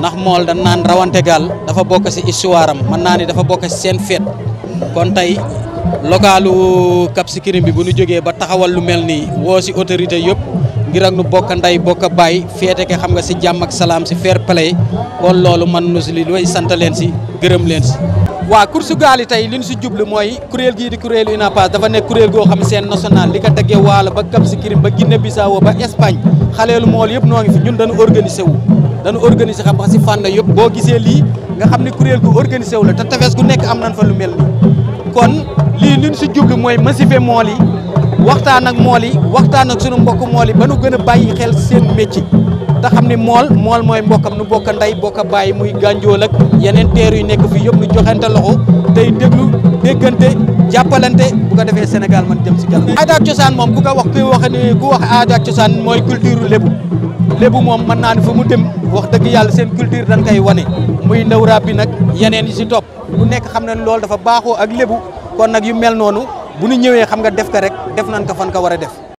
Nah mol dan nan rawante tegal dafa bok si histoire am mën dafa bok ci sen fête kon tay localu Cap Skirring bi bu ñu ba taxawal lu melni wo ci si autorité yëpp ngir ak nu bok nday bok baay feete ke xam nga si jam ak salam si fair play kon lolu man nu ci li way sante len ci gërem len ci wa course gaal tay liñ ci djublu moy jublu gi di gii di kuréelu dafa nek kuréel go xam sen national li ko teggee waalo ba Cap Skirring ba Guinée Bissau ba Espagne xaleelu mool yëpp ngi fi ñun dañu organiser wu dañu organiser xam nga si fànn yëpp boo gisee lii nga xam ne kuréel gu organisé wu la te tefes gu nekk am nañ fa lu mel ni kon lii li si jublu mooy massifier mool yi waxtaan ak mool yi waxtaan ak sunu mbokk mool yi ba nu gën a bàyyi xel seen métier te xam ne mool mool mooy mbokkam nu bokk ndey bokk a bàyyi muy gànjool ak yeneen teer yu nekk fii yëpp nu joxente loxo tey déglu déggante jàppalante bu ko defee Sénégal man jëm si kanam aada ak cosaan moom ku ko wax ku mooy culture lébu lébu moom mën naa ne fu mu dem wax dëgg yàlla seen culture dañ koy wane muy ndawraab bi nag yeneen yi si topp bu nekk xam na loolu dafa baaxoo ak lépp kon nag yu mel noonu bu ñu ñëwee xam nga def ko rek def nañ ko fan ko war a def